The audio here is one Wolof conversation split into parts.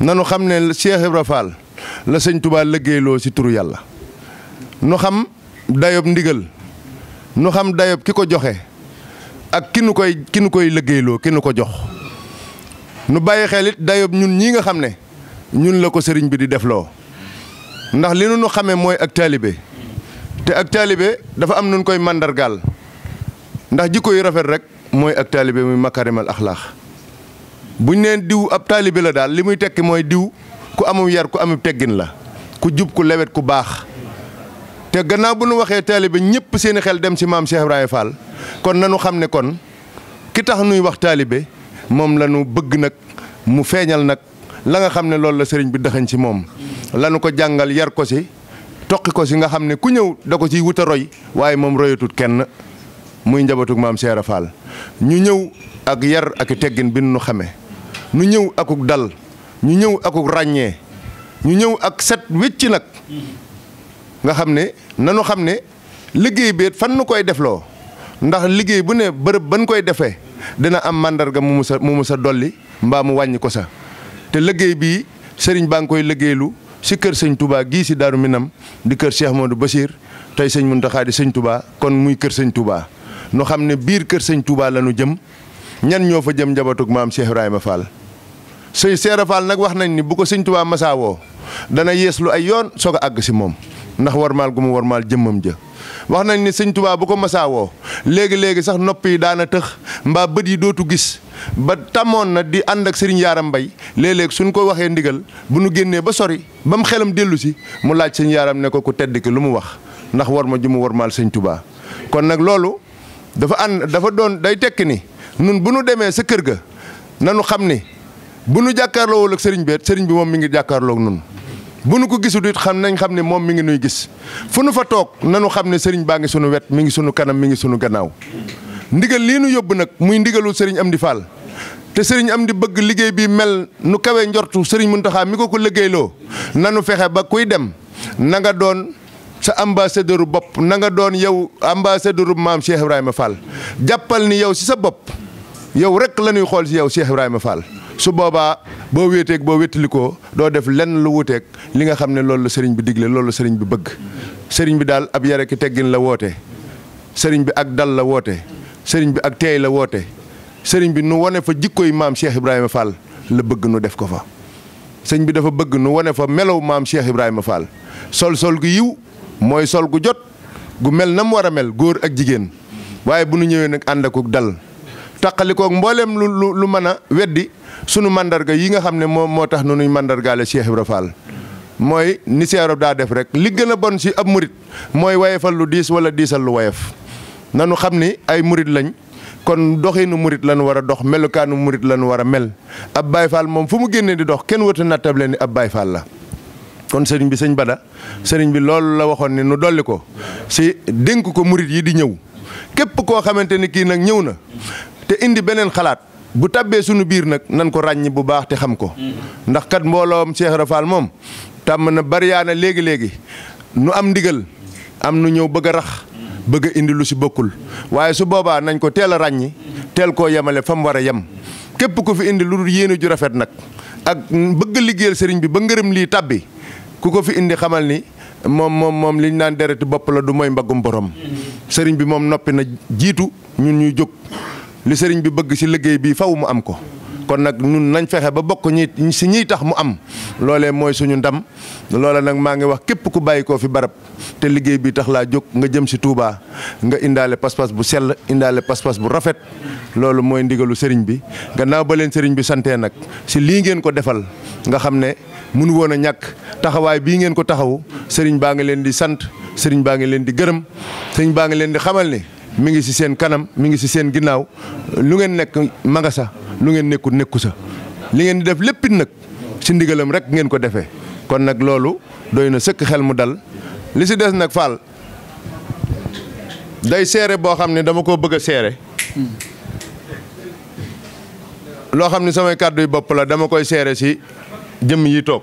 nanu xam ne Cheikh Ibra Fall la sëñ Touba liggéeyloo ci turu yàlla nu xam dayob ndigal nu xam dayob ki ko joxe ak ki nu koy ki nu koy liggéeyloo ki nu ko jox nu bàyyi xelit it ñun ñii nga xam ne ñun la ko sëriñ bi di defloo ndax li nu nu xamee mooy ak taalibe te ak taalibe dafa am nun koy màndargaal ndax jikko yu rafet rek mooy ak taalibe muy makarimal axlaax buñ neen diw ab taalibe la daal li muy tekki mooy diw ku amul yar ku amul teggin la ku jub ku lewet ku baax te gannaaw bu nu waxee taalibe ñëpp seeni xel dem ci maam Cheikh Ibrahima Fall kon nanu xam ne kon ki tax nuy wax taalibe moom la nu bëgg nag mu feeñal nag la nga xam ne loolu la sëriñ bi dëxañ ci moom lanu ko jàngal yar ko ci toqi ko ci nga xam ne ku ñëw da ko ciy wut roy waaye moom royatut kenn muy njabootug maam Cheikh ñu ñëw ak yar ak teggin bi nu xamee nu ñëw akuk dal ñu ñëw akuk ràññee ñu ñëw ak set wécc nag nga xam ne nanu xam ne liggéey bi fan nu koy defloo ndax liggéey bu ne bërëb ban koy defee dina am màndarga mu musa mu musa dolli mbaa mu wàññi ko sa te liggéey bii sëriñ baa ngi koy liggéeylu si kër sëñ tubaa gii si Daaru Minam di kër Cheikh Modou Bachir tey sëñ Muntaxa di sëñ Touba kon muy kër sëñ tubaa nu xam ne biir kër sëñ tubaa la nu jëm ñan ñoo fa jëm njabootug maam Cheikh ma Fall sëñ Seera Fall nag wax nañ ni bu ko sëñ Tuubaa masaawoo dana yeeslu ay yoon soog a àgg si moom ndax warmaal gu mu maal jëmmam ja wax nañ ni sëñ tubaa bu ko masaawoo léegi léegi sax nopp yi daana tëx mbaa bët yi dootu gis ba tàmmoon na di ànd ak sëriñ Yaaram Mbay léeg-léeg suñ ko waxee ndigal bu nu génnee ba sori ba mu xelam dellu si mu laaj sëñ Yaaram ne ko ku tedd ki lu mu wax ndax war ma ju mu warmaal sëñ tubaa kon nag loolu dafa ànd dafa doon day tekki ni nun bu nu demee sa kër ga nanu xam ni bu nu jàkkaarloowul ak sëriñ bi sëriñ bi moom mi ngi jàkkaarloog nun bu nu ko gisul it xam nañ xam ne moom mi ngi nuy gis fu nu fa toog na nu xam ne sëriñ baa ngi sunu wet mi ngi sunu kanam mi ngi sunu gannaaw ndigal lii nu yóbbu nag muy ndigalul sëriñ Amdi Fall te sëriñ di bëgg liggéey bi mel nu kawe njortu sëriñ Muntaxa mi ko ko liggéeyloo nu fexe ba kuy dem na nga doon sa ambassadeur bopp na nga doon yow ambassadeur maam Cheikh Ibrahima Fall jàppal ni yow si sa bopp yow la ñuy xool yow Cheikh Ibrahima Fall. su boobaa boo wéeteek boo wéttalikoo doo def lenn lu wuuteeg li nga xam ne loolu la sëriñ bi digle loolu la sëriñ bi bëgg sëriñ bi daal ab yare ki teggin la woote sëriñ bi ak dal la woote sëriñ bi ak teey la woote sëriñ bi nu wane fa jikkooy maam Cheikh Ibrahima Fall la bëgg nu def ko fa sëñ bi dafa bëgg nu wane fa melow maam Cheikh Ibrahima Fall sol sol gu yiw mooy sol gu jot gu mel na mu war a mel góor ak jigéen waaye bu nu ñëwee nag ànd ak dal taqalikook mbooleem lu mën a weddi sunu mandarga yi nga xam ne moom moo tax nu nuy mandargaale Cheikh Ibra mooy ni seerob daa def rek li gën a bon si ab murit mooy wayefal lu diis wala diisal lu na nu xam ni ay murit lañ kon doxinu murit lan war a dox melukaanu murit lan war a mel ab Baay Faal moom fu mu génnee di dox kenn wëta nattable ni ab Baay Faal la kon sëriñ bi sëñ bana sëriñ bi loolu la waxoon ni nu dolli ko si dénk ko murit yi di ñëw képp koo xamante ni kii nag ñëw na te indi beneen xalaat bu tabbee sunu biir nag nan ko ràññi bu baax te xam ko ndax kat mbooloom Cheikh Rafal moom tàmm na bariyaana léegi léegi nu am ndigal am nu ñëw bëgg a rax bëgg a indi lu si bokkul waaye su boobaa nañ ko teel a ràññi teel koo yemale fa mu war a yem képp ku fi indi lu dul yéene ju rafet nag ak bëgg liggéeyal sëriñ bi ba ngërëm lii tabbi ku ko fi indi xamal ni moom moom moom liñ naan dereti bopp la du mooy mbaggum boroom sëriñ bi moom noppi na jiitu ñu ñuy jóg li sëriñ bi bëgg si liggéey bi faw mu am ko kon nag ñun nañ fexe ba bokk ñi si ñiy tax mu am loolee mooy suñu ndam loola nag maa ngi wax képp ku bàyyi koo fi barab te liggéey bi tax laa jóg nga jëm si tuubaa nga indaale pas bu sel indaale pas-pas bu rafet loolu mooy ndigalu sëriñ bi gannaaw ba leen sëriñ bi santee nag si lii ngeen ko defal nga xam ne mënu woon a ñàkk taxawaay bii ngeen ko taxaw sëriñ baa ngi leen di sant sëriñ baa ngi leen di gërëm sëriñ baa ngi leen di xamal mi ngi si seen kanam mi ngi si seen ginnaaw lu ngeen nekk manga sa lu ngeen nekkul nekku sa li ngeen di def léppit nag si ndigalam rek ngeen ko defee kon nag loolu doy na sëkk xel mu dal li si des nag Fall day seere boo xam ne dama koo bëgg a seere loo xam ne samay kàddu yu bopp la dama koy seere si jëmm yi toog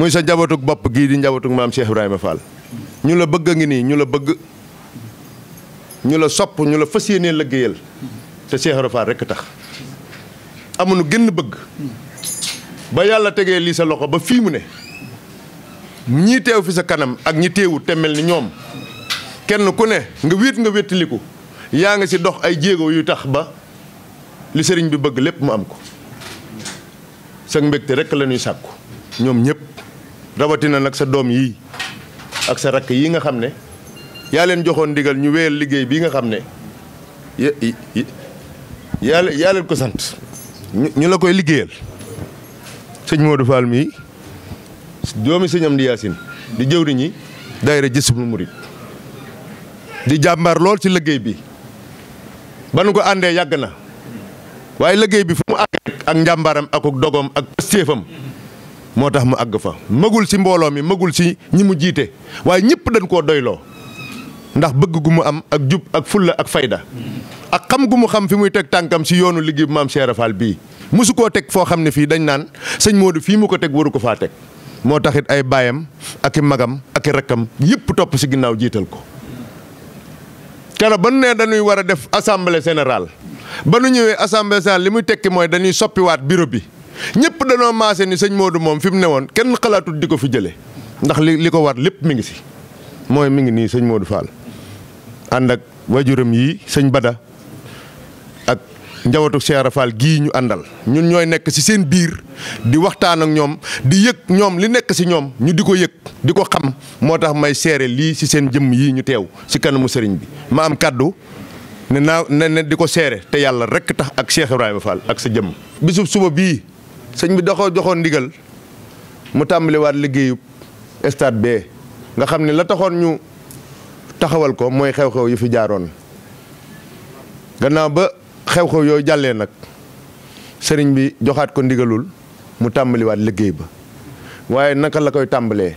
muy sa njabootug bopp gii di njabootug maam Cheikh Ibrahima Fall ñu la bëgg a ngi nii ñu la bëgg ñu la sopp ñu la fas yéenee liggéeyal te Cheikh Ibra Fall rekk tax amuñu gën bëgg ba yàlla tegee lii sa loxo ba fii mu ne ñii teew fi sa kanam ak ñi teewut te mel ni ñoom kenn ku ne nga wéet nga wéttaliku yaa ngi ci dox ay jéego yu tax ba li sëriñ bi bëgg lépp mu am ko sa mbégte rekk la ñuy sàkku ñoom ñëpp rawatina nag sa doom yii ak sa rakk yi nga xam ne yaa leen joxoon ndigal ñu wéyal liggéey bi nga xam ne yaa yaa leen ko sant ñu la koy liggéeyal sëñ Modou Fall mii doomi sëñ Amdi Yaasin di jëwriñ ñi daayira Jisbul Murid di jàmbaar lool ci liggéey bi ba nu ko àndee yàgg na waaye liggéey bi fu mu àgg ak njàmbaaram ak dogoom ak pastéefam moo tax mu àgg fa magul ci mbooloo mi magul ci ñi mu jiite waaye ñëpp dañ koo doyloo ndax bëgg gu mu am ak jub ak fulla ak fayda ak xam gu mu xam fi muy teg tànkam si yoonu liggéey maam Cheikh Fall bii mosu koo teg foo xam ne fii dañ naan sëñ Modou fii mu ko teg waru ko faa teg moo taxit ay baayam ak i magam ak i rakkam yëpp topp si ginnaaw jiital ko kero ba nu nee dañuy war a def assemble générale ba nu ñëwee assemblée générale li muy tekki mooy dañuy soppiwaat bureau bi ñëpp danoo maase ni sëñ Modou moom fi mu ne woon kenn xalaatul di ko fi jëlee ndax li li ko war lépp mi ngi si mooy mi ngi nii sëñ Modou Fall ànd ak waajuram yii sëñ Bada ak njabootu Cheikh gii ñu àndal ñun ñooy nekk ci seen biir di waxtaan ak ñoom di yëg ñoom li nekk ci ñoom ñu di ko yëg di ko xam moo tax may seere lii ci seen jëmm yii ñu teew ci kanamu sëriñ bi ma am kàddu ne naa ne ne di ko seere te yàlla rekk tax ak Cheikh Ibrahima Fall ak sa jëmm bisu suba bii sëñ bi doxoo joxoon ndigal mu tàmbaliwaat liggéeyu stade bee nga xam ne la taxoon ñu taxawal ko mooy xew-xew yu fi jaaroon gannaaw ba xew-xew yooyu jàllee nag sëriñ bi joxaat ko ndigalul mu tàmbaliwaat liggéey ba waaye naka la koy tàmbalee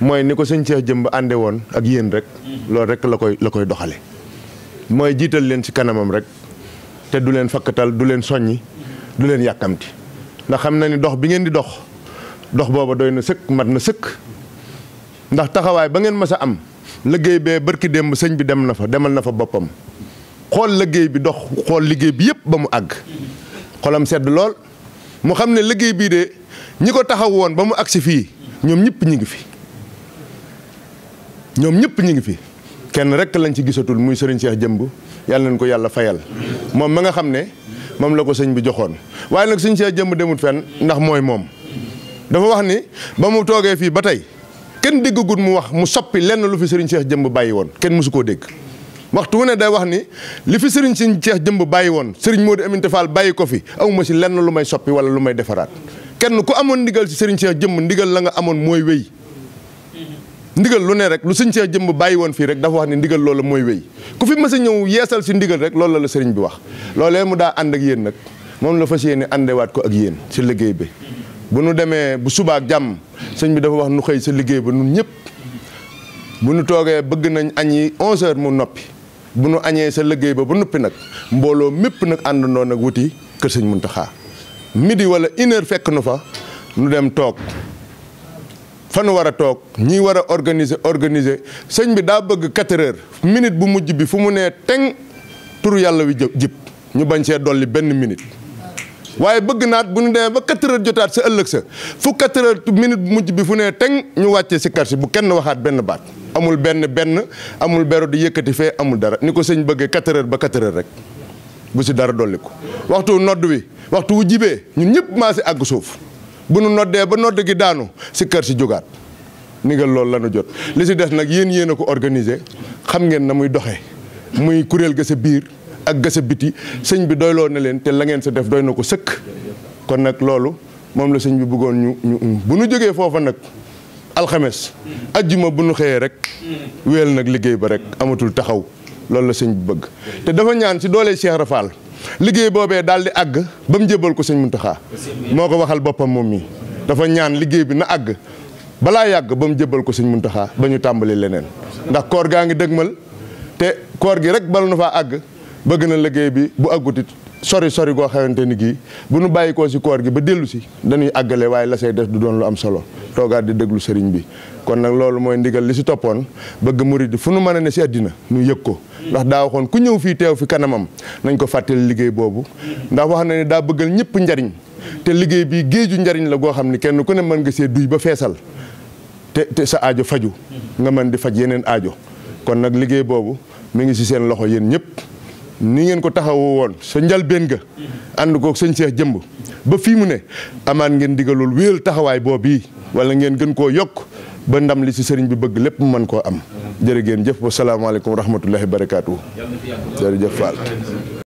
mooy ni ko sëñ Seex Jëmb ànde woon ak yéen rek loolu rek la koy la koy doxale mooy jiital leen ci kanamam rek te du leen fakkatal du leen soññi du leen yàkkamti ndax xam na ni dox bi ngeen di dox dox booba doy na sëkk mat na sëkk ndax taxawaay ba ngeen mës a am liggéey bee barki démb sëñ bi dem na fa demal na fa boppam xool liggéey bi dox xool liggéey bi yëpp ba mu àgg xolam sedd lool mu xam ne liggéey bii de ñi ko taxaw woon ba mu agsi fii ñoom ñëpp ñu ngi fi ñoom ñëpp ñu ngi fi kenn rekk lañ ci gisatul muy sëriñ Cheikh Jëmb yàlla nañ ko yàlla fayal moom ma nga xam ne moom la ko sëñ bi joxoon waaye nag sëñ Cheikh Jëmb demut fen ndax mooy moom dafa wax ni ba mu toogee fii ba tey kenn déggagut mu wax mu soppi lenn lu fi Serigne Cheikh Jëmb bàyyi woon kenn mësu koo dégg waxtu wu ne day wax ni li fi Serigne Serigne Cheikh Jëmb bàyyi woon Serigne Modou Aminta bàyyi ko fi amuma si lenn lu may soppi wala lu may defaraat kenn ku amoon ndigal si Serigne Cheikh Jëmb ndigal la nga amoon mooy wéy. ndigal lu ne rek lu Serigne Cheikh Jëmb bàyyi woon fii rek dafa wax ni ndigal loola mooy wéy ku fi mës ñëw yeesal si ndigal rek loolu la Serigne bi wax loolee mu daa ànd ak yéen nag moom la fas yéene àndewaat ko ak yéen si liggéey bi bu nu demee bu subaak jàmm sëñ bi dafa wax nu xëy sa liggéey ba nun ñëpp bu nu toogee bëgg nañ añ yi onze mu noppi bu nu añee sa liggéey ba ba noppi nag mbooloo mépp nag àndandoo nag wuti kër sëñ Muntaxa midi wala une fekk nu fa nu dem toog fa nu war a toog ñi war a organiser organiser sëñ bi daa bëgg quatre heures minute bu mujj bi fu mu nee teng turu yàlla wi jib ñu bañ see dolli benn minute waaye bëgg naat bu ñu demee ba quatre jotaat sa ëllëg sa fu quatre heures minute mujj bi fu ne teng ñu wàccee si karsi bu kenn waxaat benn baat amul benn benn amul beru di yëkkati fee amul dara ni ko sëñ bëggee quatre ba quatre heures rek bu si dara dolli ko waxtu nodd wi waxtu wu jibee ñun ñëpp maa si àgg suuf bu nu noddee ba nodd gi daanu si kër si jógaat ni nga loolu la jot li si des nag yéen yéen a ko organiser xam ngeen na muy doxee muy kuréel ga sa biir ak gasa biti sëñ bi doyloo na leen te la ngeen sa def doy na ko sëkk kon nag loolu moom la sëñ bi bëggoon ñu ñu bu nu jógee foofa nag alxames ajjuma bu nu xëyee rek wéel nag liggéey ba rek amatul taxaw loolu la sëñ bi bëgg te dafa ñaan si doolee Cheikh Rafaal liggéey boobee daal di àgg ba mu jébal ko sëñ taxaa moo ko waxal boppam moom mi dafa ñaan liggéey bi na àgg balaa yàgg ba mu jébal ko sëñ Muntaxa ba ñu tàmbali leneen ndax koor gaa ngi dëgmal te koor gi rek bal na faa àgg bëgg na liggéey bi bu aggutit sori sori goo xamante ni gii bu nu bàyyi koo si koor gi ba dellu si dañuy àggale waaye la say def du doon lu am solo toogaat di déglu sëriñ bi kon nag loolu mooy ndigal li si toppoon bëgg murid fu nu mën na ne si àddina nu yëg ko ndax daa waxoon ku ñëw fii teew fi kanamam nañ ko fàttali liggéey boobu ndax wax na ne daa bëggal ñëpp njariñ te liggéey bi géeju njariñ la goo xam ne kenn ku ne mën nga see duy ba feesal te te sa aajo faju nga mën di faj yeneen aajo kon nag liggéey boobu mi ngi si seen loxo yéen ñëpp ni ngeen ko taxawoo woon sa njalbeen ga ànd ko sëñ Cheikh jëmb ba fii mu ne amaan ngeen digalul wéyal taxawaay boobu wala ngeen gën koo yokk ba ndam li si sëriñ bi bëgg lépp mu mën koo am jërë ngeen jëf ba salaamaaleykum wa rahmatullahi wa barakaatu jërëjëf Fall